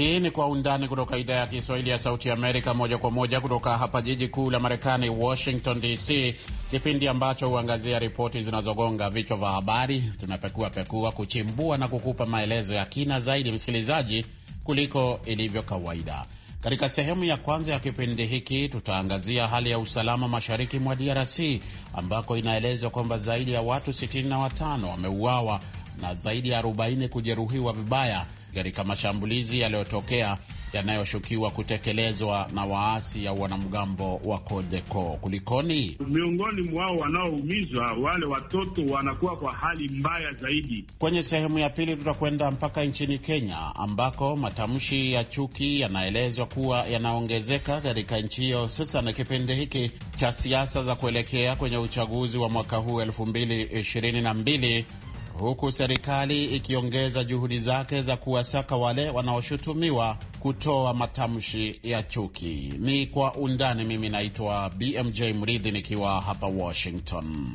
Hii ni Kwa Undani kutoka idhaa ya Kiswahili ya Sauti Amerika, moja kwa moja kutoka hapa jiji kuu la Marekani, Washington DC, kipindi ambacho huangazia ripoti zinazogonga vichwa vya habari. Tunapekua pekua, kuchimbua na kukupa maelezo ya kina zaidi, msikilizaji, kuliko ilivyo kawaida. Katika sehemu ya kwanza ya kipindi hiki tutaangazia hali ya usalama mashariki mwa DRC ambako inaelezwa kwamba zaidi ya watu 65 wameuawa na zaidi ya 40 kujeruhiwa vibaya katika mashambulizi yaliyotokea yanayoshukiwa kutekelezwa na waasi au wanamgambo wa Kodeko. Kulikoni, miongoni mwao wanaoumizwa wale watoto wanakuwa kwa hali mbaya zaidi. Kwenye sehemu ya pili, tutakwenda mpaka nchini Kenya ambako matamshi ya chuki yanaelezwa kuwa yanaongezeka katika nchi hiyo, hususan kipindi hiki cha siasa za kuelekea kwenye uchaguzi wa mwaka huu elfu mbili ishirini na mbili huku serikali ikiongeza juhudi zake za kuwasaka wale wanaoshutumiwa kutoa matamshi ya chuki. Ni kwa undani. Mimi naitwa BMJ Mridhi nikiwa hapa Washington.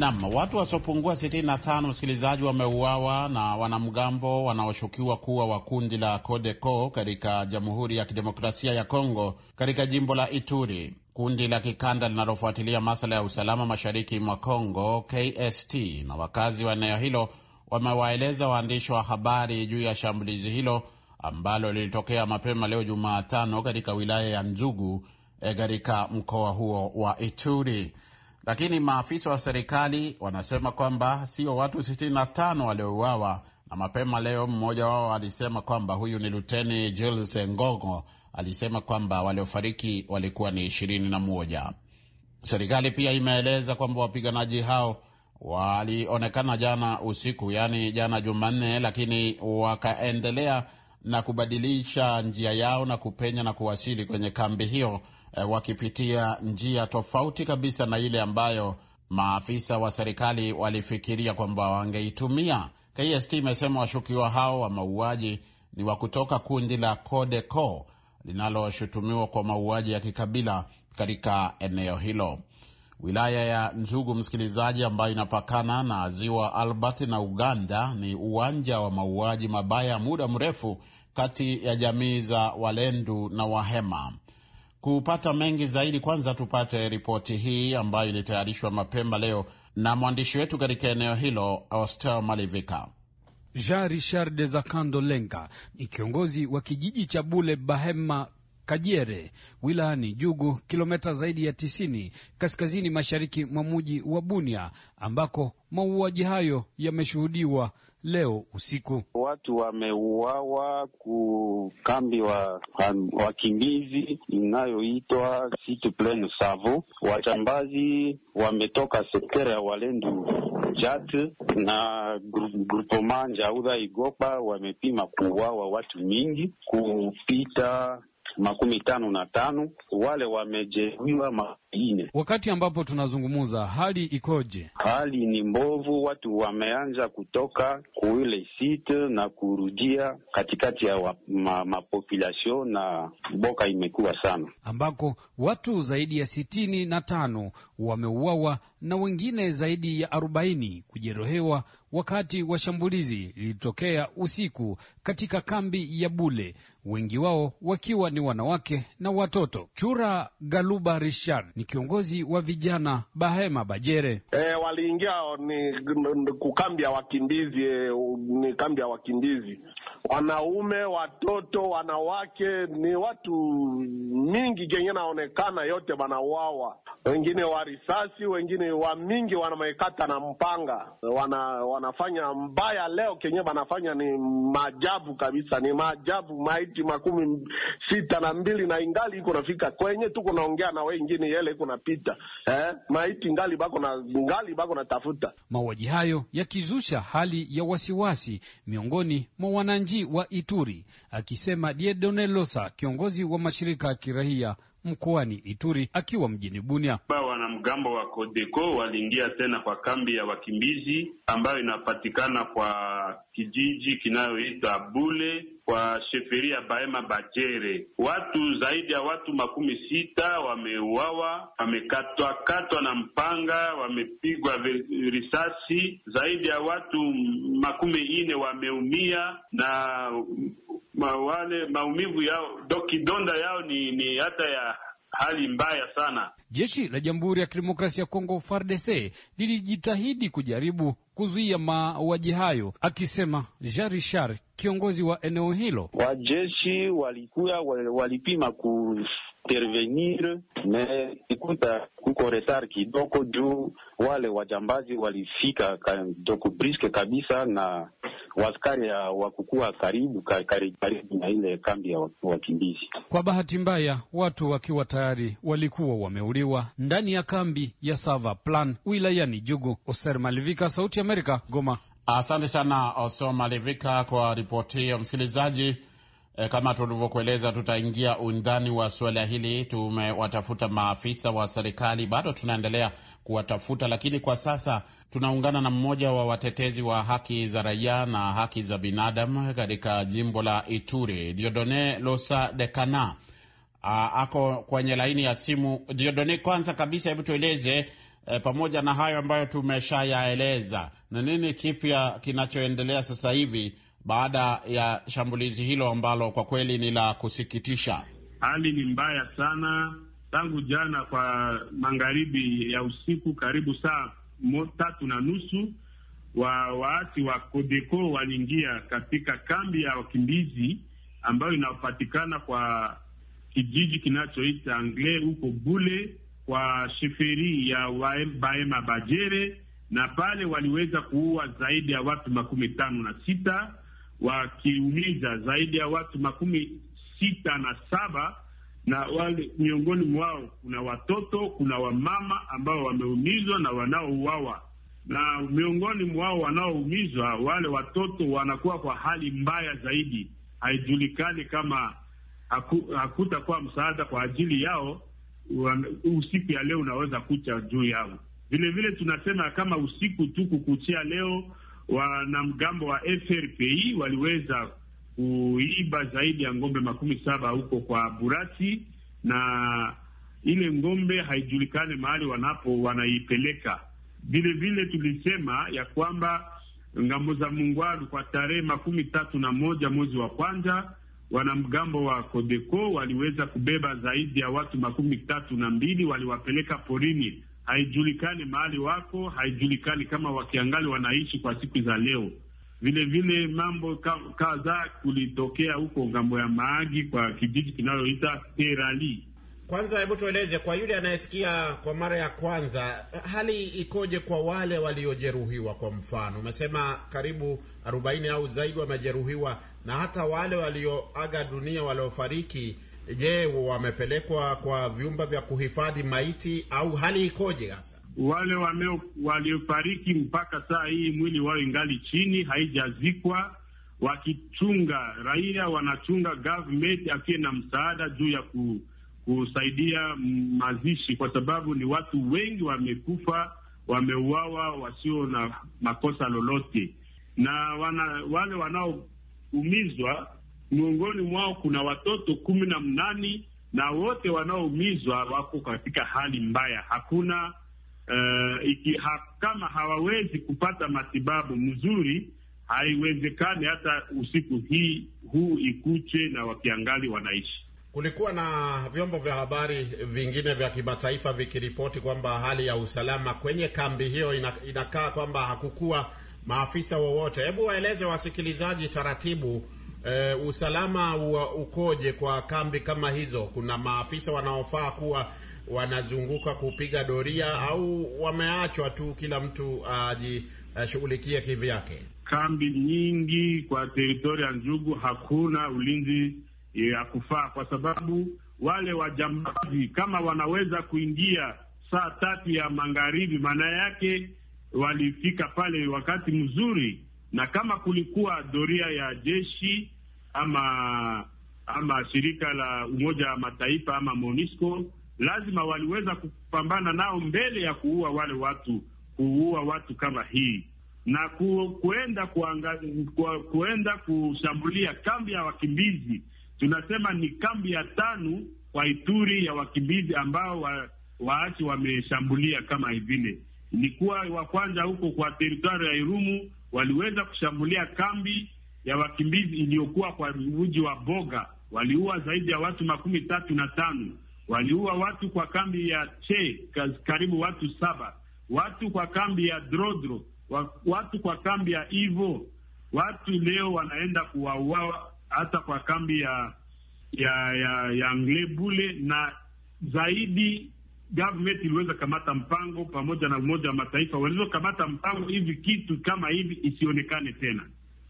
Nam, watu wasiopungua 65 msikilizaji, wameuawa na wanamgambo wanaoshukiwa kuwa wa kundi la Codeco katika Jamhuri ya Kidemokrasia ya Kongo katika jimbo la Ituri. Kundi la kikanda linalofuatilia masuala ya usalama mashariki mwa Kongo, KST, na wakazi wa eneo hilo wamewaeleza waandishi wa habari juu ya shambulizi hilo ambalo lilitokea mapema leo Jumatano katika wilaya ya Njugu eh, katika mkoa huo wa Ituri lakini maafisa wa serikali wanasema kwamba sio watu 65 waliouawa, na mapema leo mmoja wao alisema kwamba huyu ni Luteni Jules Ngongo alisema kwamba waliofariki walikuwa ni ishirini na moja. Serikali pia imeeleza kwamba wapiganaji hao walionekana jana usiku, yaani jana Jumanne, lakini wakaendelea na kubadilisha njia yao na kupenya na kuwasili kwenye kambi hiyo Eh, wakipitia njia tofauti kabisa na ile ambayo maafisa wa serikali walifikiria kwamba wangeitumia. KST imesema washukiwa hao wa mauaji ni wa kutoka kundi la CODECO linaloshutumiwa kwa mauaji ya kikabila katika eneo hilo. Wilaya ya Nzugu, msikilizaji, ambayo inapakana na ziwa Albert na Uganda, ni uwanja wa mauaji mabaya ya muda mrefu kati ya jamii za Walendu na Wahema. Kupata mengi zaidi, kwanza tupate ripoti hii ambayo ilitayarishwa mapema leo na mwandishi wetu katika eneo hilo Austel Malivika. Jean Richard de Zakando Lenga ni kiongozi wa kijiji cha Bule Bahema Kajere wilayani Jugu, kilometa zaidi ya 90 kaskazini mashariki mwa muji wa Bunia ambako mauaji hayo yameshuhudiwa leo usiku. Watu wameuawa ku kambi wa wakimbizi inayoitwa Site Plein Savo. Wachambazi wametoka sekta ya Walendu Jat na grupema Njaudha Igopa, wamepima kuuawa watu mingi kupita makumi tano na tano wale wamejeruhiwa maine. Wakati ambapo tunazungumza, hali ikoje? Hali ni mbovu, watu wameanza kutoka kuile site na kurudia katikati ya mapopulasio ma, na boka imekuwa sana, ambako watu zaidi ya sitini na tano wameuawa na wengine zaidi ya arobaini kujeruhiwa wakati wa shambulizi lilitokea usiku katika kambi ya Bule, wengi wao wakiwa ni wanawake na watoto. Chura Galuba Richard ni kiongozi wa vijana Bahema Bajere. E, waliingia ni kambi ya wakimbizi, e, ni kambi ya wakimbizi wanaume, watoto, wanawake, ni watu mingi kenye naonekana yote wanauawa, wengine wa risasi, wengine wa mingi wanamekata na mpanga. Wana, wanafanya mbaya leo, kenye wanafanya ni maajabu kabisa, ni maajabu. Maiti makumi sita na mbili na ingali iko nafika kwenye tu kunaongea na wengine, yele iko napita eh? maiti ngali bako na ngali bako natafuta. Mauaji hayo yakizusha hali ya wasiwasi miongoni mwa wananchi mji wa Ituri, akisema Diedone Losa, kiongozi wa mashirika ya kirahia mkoani Ituri akiwa mjini Bunia. Wanamgambo wa Kodeko waliingia tena kwa kambi ya wakimbizi ambayo inapatikana kwa kijiji kinayoitwa Bule kwa sheferi ya Bahema Bajere. Watu zaidi ya watu makumi sita wameuawa, wamekatwakatwa na mpanga, wamepigwa risasi. Zaidi ya watu makumi ine wameumia na mawale maumivu yao, dokidonda yao ni, ni hata ya hali mbaya sana. Jeshi la Jamhuri ya Kidemokrasia ya Kongo FARDC lilijitahidi kujaribu kuzuia mauaji hayo, akisema Jean Richard, kiongozi wa eneo hilo. Wajeshi walikuya walipima kuintervenir me ikuta kuko retar kidogo, juu wale wajambazi walifika briske kabisa na waskari ah, wakukuwa karibu karibu karibu na ile kambi ya wakimbizi. Kwa bahati mbaya, watu wakiwa tayari walikuwa wameuliwa ndani ya kambi ya Sava Plan wilayani Jugu. Oser Malivika, Sauti ya Amerika, Goma. Asante sana oser Malivika kwa ripoti hiyo. Msikilizaji Eh, kama tulivyokueleza, tutaingia undani wa suala hili. Tumewatafuta maafisa wa serikali, bado tunaendelea kuwatafuta, lakini kwa sasa tunaungana na mmoja wa watetezi wa haki za raia na haki za binadamu katika jimbo la Ituri, Diodone Losa de cana ah, Ako kwenye laini ya simu. Diodone, kwanza kabisa, hebu tueleze e, pamoja na hayo ambayo tumeshayaeleza, na nini kipya kinachoendelea sasa hivi baada ya shambulizi hilo ambalo kwa kweli ni la kusikitisha. Hali ni mbaya sana tangu jana kwa magharibi ya usiku, karibu saa tatu na nusu wa waasi wa Kodeko waliingia katika kambi ya wakimbizi ambayo inapatikana kwa kijiji kinachoita Angle huko Bule kwa sheferi ya Baema Bajere, na pale waliweza kuua zaidi ya watu makumi tano na sita wakiumiza zaidi ya watu makumi sita na saba na wale miongoni mwao kuna watoto, kuna wamama ambao wameumizwa na wanaouawa, na miongoni mwao wanaoumizwa, wale watoto wanakuwa kwa hali mbaya zaidi. Haijulikani kama hakutakuwa msaada kwa ajili yao, usiku ya leo unaweza kucha juu yao. Vilevile tunasema kama usiku tu kukuchia leo wanamgambo wa FRPI waliweza kuiba zaidi ya ng'ombe makumi saba huko kwa Burati, na ile ng'ombe haijulikane mahali wanapo wanaipeleka. Vile vile tulisema ya kwamba ngambo za mungwalu kwa tarehe makumi tatu na moja mwezi wa kwanza wanamgambo wa Kodeko waliweza kubeba zaidi ya watu makumi tatu na mbili waliwapeleka porini haijulikani mahali wako, haijulikani kama wakiangali wanaishi kwa siku za leo. Vile vile mambo kadhaa kulitokea huko ngambo ya Maagi kwa kijiji kinayoita Terali. Kwanza hebu tueleze kwa yule anayesikia kwa mara ya kwanza, hali ikoje kwa wale waliojeruhiwa? Kwa mfano, umesema karibu arobaini au zaidi wamejeruhiwa, na hata wale walioaga dunia, waliofariki Je, wamepelekwa kwa vyumba vya kuhifadhi maiti au hali ikoje hasa? Wale waliofariki mpaka saa hii mwili wao ingali chini, haijazikwa wakichunga raia, wanachunga government akiwe na msaada juu ya ku, kusaidia mazishi, kwa sababu ni watu wengi wamekufa, wameuawa wasio na makosa lolote, na wana, wale wanaoumizwa miongoni mwao kuna watoto kumi na mnani na wote wanaoumizwa wako katika hali mbaya. Hakuna uh, iki, ha, kama hawawezi kupata matibabu mzuri, haiwezekani hata usiku hii huu ikuche na wakiangali wanaishi. Kulikuwa na vyombo vya habari vingine vya kimataifa vikiripoti kwamba hali ya usalama kwenye kambi hiyo inakaa kwamba hakukuwa maafisa wowote. Hebu waeleze wasikilizaji taratibu e, usalama wa ukoje kwa kambi kama hizo? Kuna maafisa wanaofaa kuwa wanazunguka kupiga doria au wameachwa tu kila mtu ajishughulikie kivyake? Kambi nyingi kwa teritoria ya Njugu hakuna ulinzi e, ya kufaa, kwa sababu wale wajambazi kama wanaweza kuingia saa tatu ya magharibi, maana yake walifika pale wakati mzuri na kama kulikuwa doria ya jeshi ama ama shirika la Umoja wa Mataifa ama MONUSCO, lazima waliweza kupambana nao mbele ya kuua wale watu, kuua watu kama hii na ku, kuenda kuanga, ku, kuenda kushambulia kambi ya wakimbizi. Tunasema ni kambi ya tano kwa Ituri ya wakimbizi ambao wa, waasi wameshambulia kama hivile ni kuwa wa kwanza huko kwa teritwari ya Irumu waliweza kushambulia kambi ya wakimbizi iliyokuwa kwa mji wa Boga. Waliua zaidi ya watu makumi tatu na tano. Waliua watu kwa kambi ya Che karibu watu saba, watu kwa kambi ya Drodro, watu kwa kambi ya Ivo. Watu leo wanaenda kuwauawa hata kwa kambi ya ya ya, ya Nglebule na zaidi government iliweza kamata mpango pamoja na Umoja wa Mataifa walizokamata mpango hivi kitu kama hivi isionekane tena,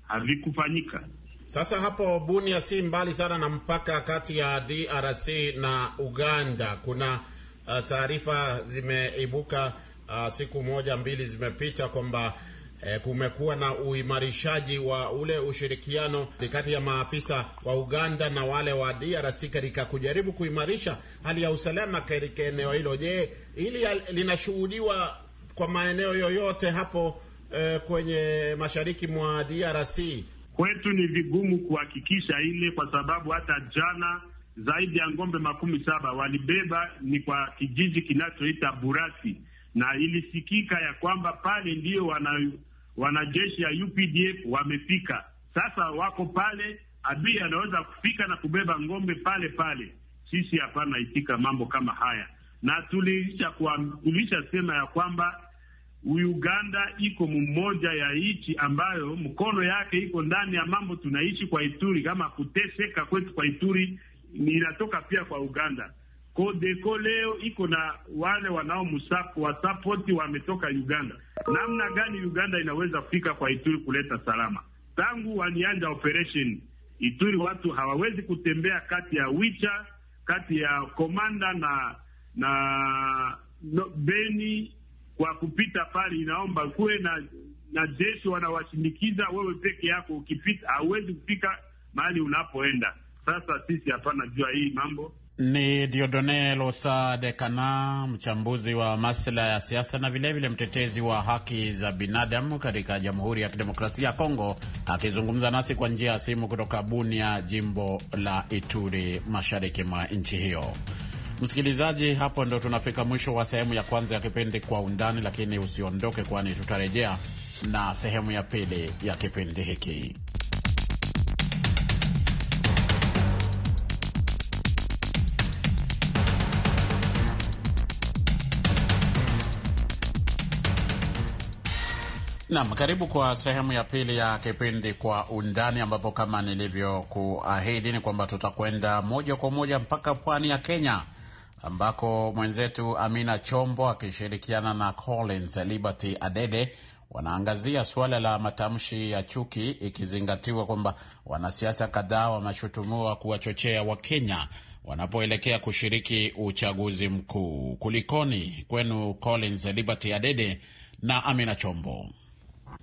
havikufanyika. Sasa hapo Bunia si mbali sana na mpaka kati ya DRC na Uganda. Kuna uh, taarifa zimeibuka uh, siku moja mbili zimepita kwamba e, kumekuwa na uimarishaji wa ule ushirikiano kati ya maafisa wa Uganda na wale wa DRC katika kujaribu kuimarisha hali ya usalama katika eneo hilo. Je, hili linashuhudiwa kwa maeneo yoyote hapo e, kwenye mashariki mwa DRC? Kwetu ni vigumu kuhakikisha ile, kwa sababu hata jana zaidi ya ng'ombe makumi saba walibeba ni kwa kijiji kinachoita Burasi, na ilisikika ya kwamba pale ndiyo wana wanajeshi ya UPDF wamefika sasa, wako pale, adui anaweza kufika na kubeba ngombe pale pale. Sisi hapana itika mambo kama haya, na tulisha sema ya kwamba Uganda iko mmoja ya nchi ambayo mkono yake iko ndani ya mambo tunaishi kwa Ituri, kama kuteseka kwetu kwa Ituri inatoka pia kwa Uganda. Kodeko leo iko na wale wanaomsapo wasapoti wametoka Uganda. Namna gani Uganda inaweza kufika kwa Ituri kuleta salama? Tangu walianja operation Ituri, watu hawawezi kutembea kati ya Wicha, kati ya Komanda na na no, Beni kwa kupita pale, inaomba kuwe na na jeshi wanawashindikiza. Wewe peke yako ukipita hauwezi kufika mahali unapoenda. Sasa sisi hapana jua hii mambo ni Diodone Losa de Kana, mchambuzi wa masuala ya siasa na vilevile mtetezi wa haki za binadamu katika Jamhuri ya Kidemokrasia ya Kongo, akizungumza nasi kwa njia ya simu kutoka Bunia, jimbo la Ituri, mashariki mwa nchi hiyo. Msikilizaji, hapo ndo tunafika mwisho wa sehemu ya kwanza ya kipindi Kwa Undani, lakini usiondoke, kwani tutarejea na sehemu ya pili ya kipindi hiki. Nam, karibu kwa sehemu ya pili ya kipindi Kwa Undani, ambapo kama nilivyokuahidi ni kwamba tutakwenda moja kwa moja mpaka pwani ya Kenya ambako mwenzetu Amina Chombo akishirikiana na Collins Liberty Adede wanaangazia suala la matamshi ya chuki, ikizingatiwa kwamba wanasiasa kadhaa wameshutumiwa kuwachochea Wakenya wanapoelekea kushiriki uchaguzi mkuu. Kulikoni kwenu, Collins Liberty Adede na Amina Chombo?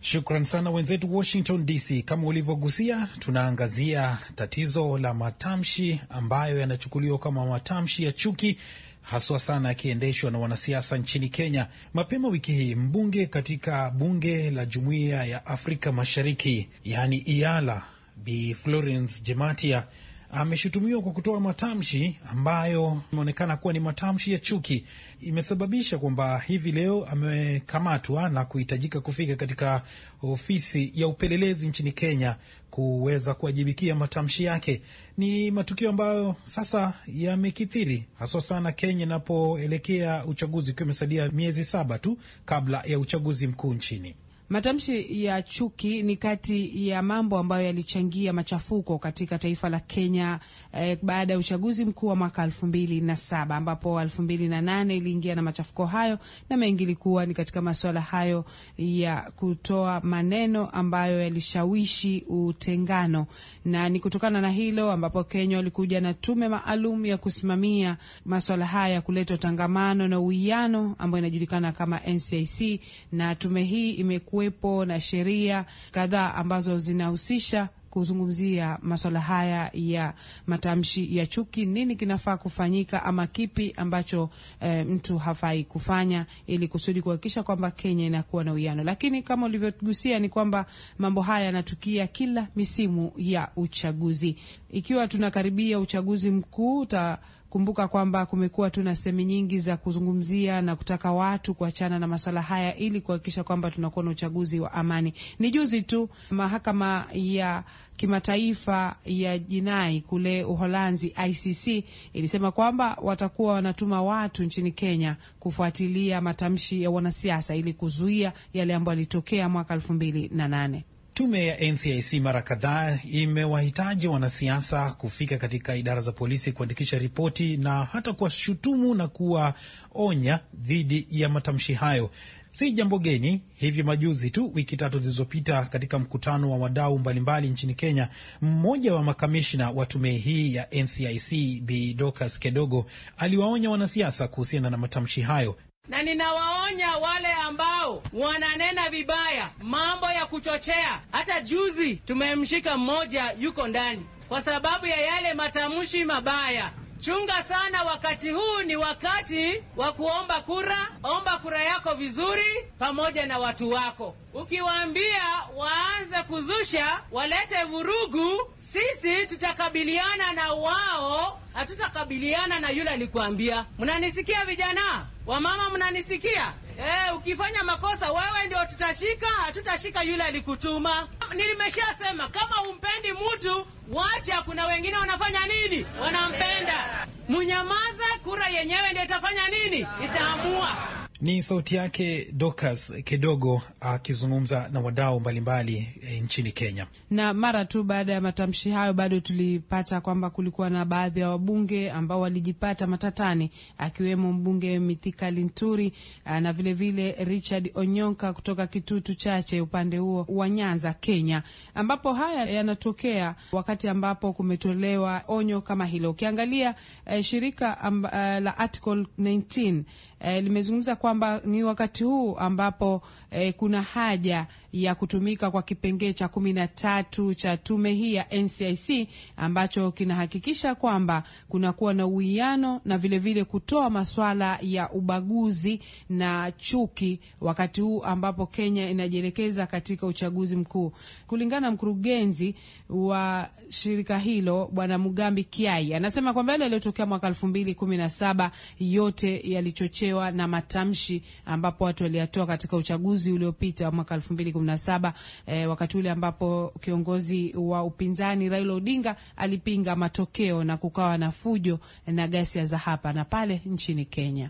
Shukran sana wenzetu Washington DC. Kama ulivyogusia, tunaangazia tatizo la matamshi ambayo yanachukuliwa kama matamshi ya chuki haswa sana yakiendeshwa na wanasiasa nchini Kenya. Mapema wiki hii mbunge katika bunge la Jumuiya ya Afrika Mashariki, yaani IALA, Bi Florence Jematia ameshutumiwa kwa kutoa matamshi ambayo imeonekana kuwa ni matamshi ya chuki. Imesababisha kwamba hivi leo amekamatwa na kuhitajika kufika katika ofisi ya upelelezi nchini Kenya kuweza kuwajibikia matamshi yake. Ni matukio ambayo sasa yamekithiri haswa sana Kenya inapoelekea uchaguzi, ukiwa imesalia miezi saba tu kabla ya uchaguzi mkuu nchini. Matamshi ya chuki ni kati ya mambo ambayo yalichangia machafuko katika taifa la Kenya eh, baada ya uchaguzi mkuu wa mwaka elfu mbili na saba ambapo elfu mbili na nane iliingia na machafuko hayo, na mengi ilikuwa ni katika masuala hayo ya kutoa maneno ambayo yalishawishi utengano, na ni kutokana na hilo ambapo Kenya walikuja na tume maalum ya kusimamia masuala haya ya kuleta utangamano na uwiano ambayo inajulikana kama NCIC, na tume hii imekuwa kuwepo na sheria kadhaa ambazo zinahusisha kuzungumzia masuala haya ya matamshi ya chuki. Nini kinafaa kufanyika ama kipi ambacho e, mtu hafai kufanya ili kusudi kuhakikisha kwamba Kenya inakuwa na uwiano. Lakini kama ulivyogusia ni kwamba mambo haya yanatukia kila misimu ya uchaguzi ikiwa tunakaribia uchaguzi mkuu, utakumbuka kwamba kumekuwa tu na nyingi za kuzungumzia na kutaka watu kuachana na masuala haya ili kuhakikisha kwamba tunakuwa na uchaguzi wa amani. Ni juzi tu mahakama ya kimataifa ya jinai kule Uholanzi, ICC, ilisema kwamba watakuwa wanatuma watu nchini Kenya kufuatilia matamshi ya wanasiasa ili kuzuia yale ambayo yalitokea mwaka elfu mbili na nane. Tume ya NCIC mara kadhaa imewahitaji wanasiasa kufika katika idara za polisi kuandikisha ripoti na hata kuwashutumu na kuwaonya dhidi ya matamshi hayo. Si jambo geni. Hivi majuzi tu, wiki tatu zilizopita, katika mkutano wa wadau mbalimbali nchini Kenya, mmoja wa makamishna wa tume hii ya NCIC Bi Dorcas Kedogo aliwaonya wanasiasa kuhusiana na matamshi hayo na ninawaonya wale ambao wananena vibaya mambo ya kuchochea. Hata juzi tumemshika mmoja, yuko ndani kwa sababu ya yale matamshi mabaya. Chunga sana, wakati huu ni wakati wa kuomba kura. Omba kura yako vizuri, pamoja na watu wako. Ukiwaambia waanze kuzusha, walete vurugu, sisi tutakabiliana na wao, hatutakabiliana na yule alikuambia. Mnanisikia vijana? Wamama mnanisikia? Eh, ukifanya makosa wewe ndio tutashika, hatutashika yule alikutuma. Nilimeshasema kama umpendi mtu wacha, kuna wengine wanafanya nini? Wanampenda. Munyamaza, kura yenyewe ndio itafanya nini? Itaamua. Ni sauti yake Dokas Kidogo ah, akizungumza na wadau mbalimbali e, nchini Kenya. Na mara tu baada ya matamshi hayo, bado tulipata kwamba kulikuwa na baadhi ya wabunge ambao walijipata matatani, akiwemo mbunge Mithika Linturi ah, na vilevile vile Richard Onyonka kutoka Kitutu Chache upande huo wa Nyanza, Kenya, ambapo haya yanatokea wakati ambapo kumetolewa onyo kama hilo. Ukiangalia eh, shirika amba, ah, la Article 19 eh, limezungumza kwamba ni wakati huu ambapo eh, kuna haja ya kutumika kwa kipengee cha kumi na tatu cha tume hii ya NCIC ambacho kinahakikisha kwamba kunakuwa na uwiano na vilevile vile kutoa maswala ya ubaguzi na chuki wakati huu ambapo Kenya inajielekeza katika uchaguzi mkuu. Kulingana na mkurugenzi wa shirika hilo Bwana Mugambi Kiai, anasema kwamba yale yaliyotokea mwaka elfu mbili kumi na saba yote yalichochewa na matamshi ambapo watu waliyatoa katika uchaguzi uliopita mwaka elfu mbili kumi 17 eh, wakati ule ambapo kiongozi wa upinzani Raila Odinga alipinga matokeo na kukawa na fujo na ghasia za hapa na pale nchini Kenya.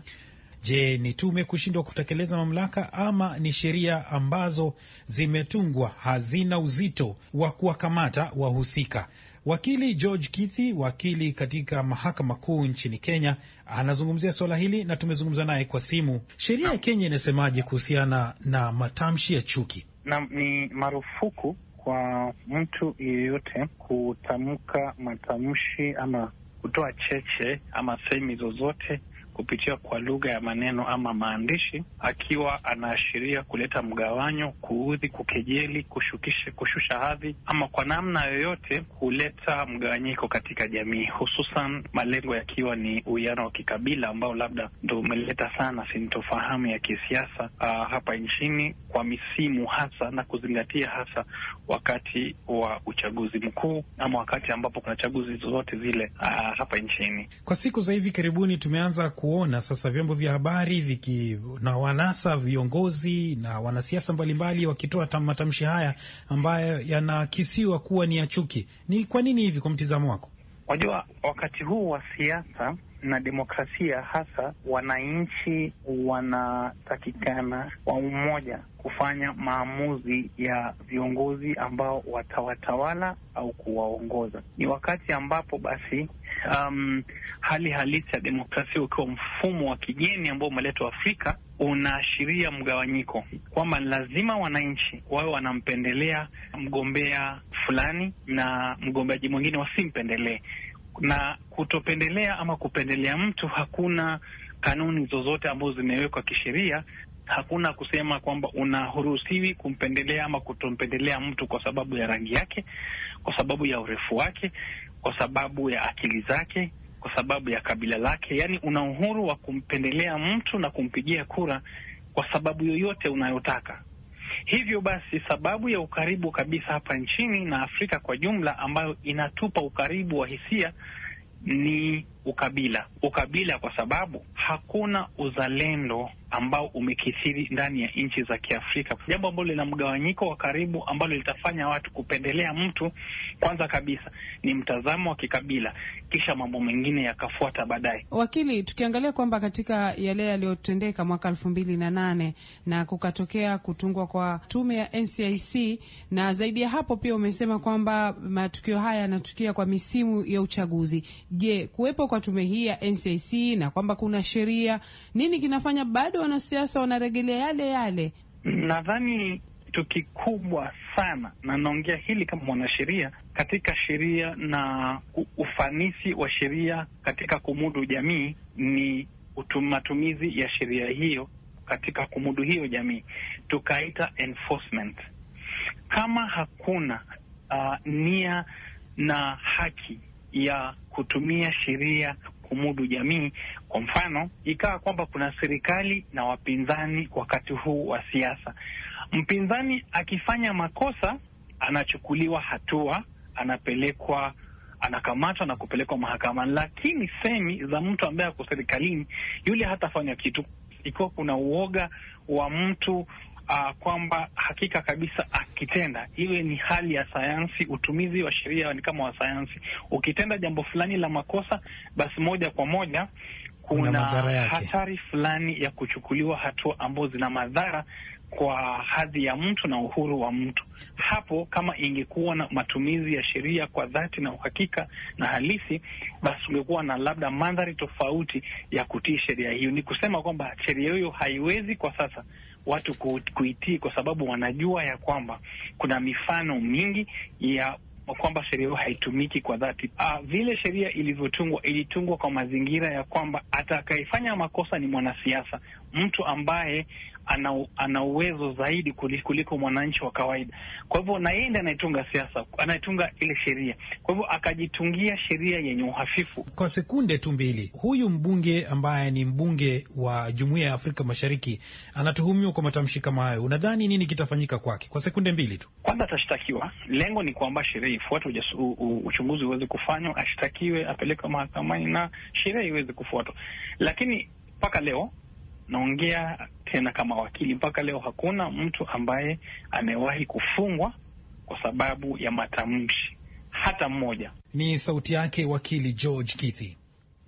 Je, ni tume kushindwa kutekeleza mamlaka ama ni sheria ambazo zimetungwa hazina uzito wa kuwakamata wahusika? Wakili George Kithi, wakili katika mahakama kuu nchini Kenya, anazungumzia suala hili na tumezungumza naye kwa simu. Sheria ya Kenya inasemaje kuhusiana na matamshi ya chuki? na ni marufuku kwa mtu yeyote kutamka matamshi ama kutoa cheche ama sehemu zozote kupitia kwa lugha ya maneno ama maandishi, akiwa anaashiria kuleta mgawanyo, kuudhi, kukejeli, kushukisha, kushusha hadhi ama kwa namna yoyote kuleta mgawanyiko katika jamii, hususan malengo yakiwa ni uwiano wa kikabila ambao labda ndo umeleta sana sintofahamu ya kisiasa uh, hapa nchini kwa misimu hasa, na kuzingatia hasa wakati wa uchaguzi mkuu ama wakati ambapo kuna chaguzi zozote zile uh, hapa nchini. Kwa siku za hivi karibuni tumeanza ku kuona sasa vyombo vya habari viki na wanasa viongozi na wanasiasa mbalimbali wakitoa matamshi haya ambayo yanaakisiwa kuwa ni ya chuki. Ni kwa nini hivi, kwa mtizamo wako? Wajua, wakati huu wa siasa na demokrasia, hasa wananchi wanatakikana kwa umoja kufanya maamuzi ya viongozi ambao watawatawala au kuwaongoza. Ni wakati ambapo basi um, hali halisi ya demokrasia ukiwa mfumo wa kigeni ambao umeletwa Afrika unaashiria mgawanyiko, kwamba lazima wananchi wawe wanampendelea mgombea fulani na mgombeaji mwingine wasimpendelee na kutopendelea ama kupendelea mtu, hakuna kanuni zozote ambazo zimewekwa kisheria. Hakuna kusema kwamba unaruhusiwi kumpendelea ama kutompendelea mtu kwa sababu ya rangi yake, kwa sababu ya urefu wake, kwa sababu ya akili zake, kwa sababu ya kabila lake. Yaani una uhuru wa kumpendelea mtu na kumpigia kura kwa sababu yoyote unayotaka. Hivyo basi, sababu ya ukaribu kabisa hapa nchini na Afrika kwa jumla, ambayo inatupa ukaribu wa hisia ni ukabila. Ukabila kwa sababu hakuna uzalendo ambao umekithiri ndani ya nchi za Kiafrika, jambo ambalo lina mgawanyiko wa karibu, ambalo litafanya watu kupendelea mtu kwanza kabisa ni mtazamo wa kikabila, kisha mambo mengine yakafuata baadaye. Wakili, tukiangalia kwamba katika yale yaliyotendeka mwaka elfu mbili na nane na kukatokea kutungwa kwa tume ya NCIC na zaidi ya hapo pia umesema kwamba matukio haya yanatukia kwa misimu ya uchaguzi. Je, kuwepo kwa tume hii ya NCIC na kwamba kuna sheria, nini kinafanya bado bado wanasiasa wanaregelea yale yale. Nadhani kitu kikubwa sana, na naongea hili kama mwanasheria, katika sheria na ufanisi wa sheria katika kumudu jamii ni matumizi ya sheria hiyo katika kumudu hiyo jamii, tukaita enforcement. Kama hakuna uh, nia na haki ya kutumia sheria kumudu jamii. Kwa mfano, ikawa kwamba kuna serikali na wapinzani wakati huu wa siasa, mpinzani akifanya makosa anachukuliwa hatua, anapelekwa anakamatwa na kupelekwa mahakamani, lakini semi za mtu ambaye ako serikalini yule hatafanya kitu. Ikiwa kuna uoga wa mtu uh, kwamba hakika kabisa akitenda, iwe ni hali ya sayansi, utumizi wa sheria ni kama wa sayansi, ukitenda jambo fulani la makosa, basi moja kwa moja kuna hatari fulani ya kuchukuliwa hatua ambazo zina madhara kwa hadhi ya mtu na uhuru wa mtu. Hapo kama ingekuwa na matumizi ya sheria kwa dhati na uhakika na halisi, basi ungekuwa na labda mandhari tofauti ya kutii sheria hiyo. Ni kusema kwamba sheria hiyo haiwezi kwa sasa watu kuitii, kwa sababu wanajua ya kwamba kuna mifano mingi ya kwamba sheria hiyo haitumiki kwa dhati. Ah, vile sheria ilivyotungwa ilitungwa kwa mazingira ya kwamba atakayefanya makosa ni mwanasiasa, mtu ambaye ana, ana uwezo zaidi kuliko mwananchi wa kawaida. Kwa hivyo na yeye ndiye anayetunga siasa, anaetunga ile sheria. Kwa hivyo akajitungia sheria yenye uhafifu. Kwa sekunde tu mbili, huyu mbunge ambaye ni mbunge wa Jumuiya ya Afrika Mashariki anatuhumiwa kwa matamshi kama hayo, unadhani nini kitafanyika kwake? Kwa sekunde mbili tu. Kwanza atashtakiwa, lengo ni kwamba sheria ifuatwe, uchunguzi uweze kufanywa, ashtakiwe, apelekwe mahakamani na sheria iweze kufuatwa, lakini mpaka leo naongea tena kama wakili, mpaka leo hakuna mtu ambaye amewahi kufungwa kwa sababu ya matamshi hata mmoja. Ni sauti yake wakili George Kithi.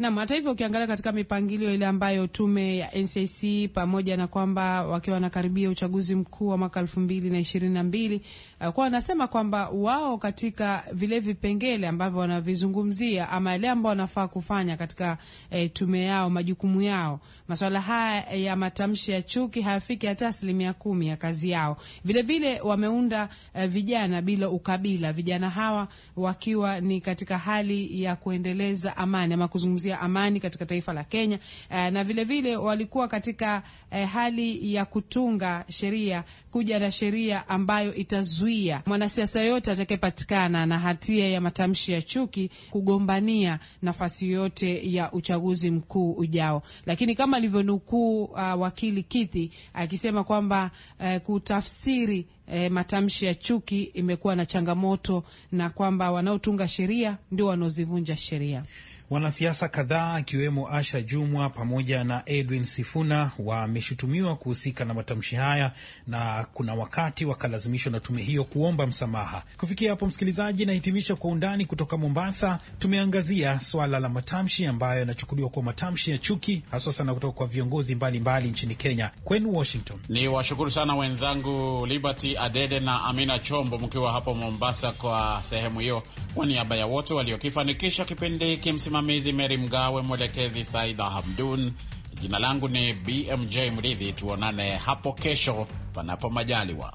Naam, hata hivyo ukiangalia katika mipangilio ile ambayo tume ya NCC pamoja na kwamba wakiwa wanakaribia uchaguzi mkuu wa mwaka elfu mbili na ishirini na mbili uh, kwa wanasema kwamba wao katika vile vipengele ambavyo wanavizungumzia ama yale ambao wanafaa kufanya katika e, tume yao, majukumu yao, masuala haya ya matamshi ya chuki hayafiki hata asilimia kumi ya kazi yao. Vile vile wameunda e, vijana bila ukabila, vijana hawa wakiwa ni katika hali ya kuendeleza amani ama kuzungumzia kutia amani katika taifa la Kenya eh, na vilevile vile walikuwa katika eh, hali ya kutunga sheria, kuja na sheria ambayo itazuia mwanasiasa yote atakayepatikana na hatia ya matamshi ya chuki kugombania nafasi yote ya uchaguzi mkuu ujao. Lakini kama alivyonukuu uh, wakili Kithi akisema uh, kwamba uh, kutafsiri E, matamshi ya chuki imekuwa na changamoto na kwamba wanaotunga sheria ndio wanaozivunja sheria. Wanasiasa kadhaa akiwemo Asha Jumwa pamoja na Edwin Sifuna wameshutumiwa kuhusika na matamshi haya na kuna wakati wakalazimishwa na tume hiyo kuomba msamaha. Kufikia hapo, msikilizaji, nahitimisha Kwa Undani kutoka Mombasa. Tumeangazia swala la matamshi ambayo yanachukuliwa kuwa matamshi ya chuki, haswa sana kutoka kwa viongozi mbalimbali mbali nchini Kenya. Kwenu Washington, ni washukuru sana wenzangu Liberty Adede na Amina Chombo mkiwa hapo Mombasa kwa sehemu hiyo. Kwa niaba ya wote waliokifanikisha kipindi hiki Msimamizi Meri Mgawe, mwelekezi Saida Hamdun. Jina langu ni BMJ Mridhi. Tuonane hapo kesho, panapo majaliwa.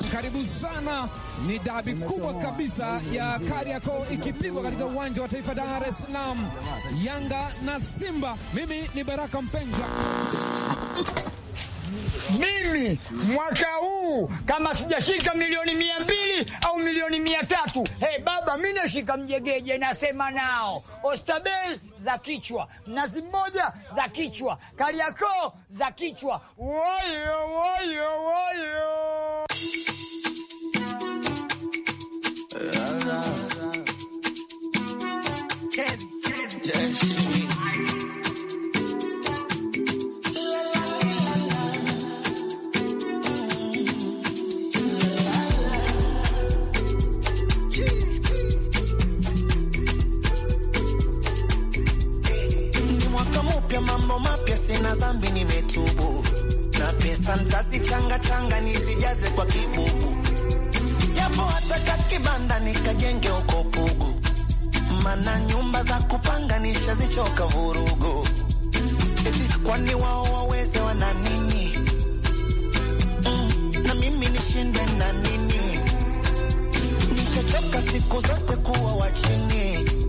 Karibu sana, ni dabi kubwa kabisa ya Kariakoo ikipigwa katika uwanja wa taifa Dar es Salaam, Yanga na Simba. Mimi ni Baraka Mpenja. Mimi mwaka huu kama sijashika milioni mia mbili au milioni mia tatu hey, baba mi nashika mjegeje, nasema nao ostabel za kichwa, Mnazi Mmoja za kichwa, Kariakoo za kichwa, woyo woyo woyo Mambo mapya, sina zambi, nimetubu na pesa ntazichanga changa, nisijaze kwa kibubu, japo hata kakibanda nikajenge huko na nyumba za kupanganisha zichoka vurugu, eti kwani wao waweze wana nini? Mm, na mimi nishinde na nini? Nichochoka siku zote kuwa wachini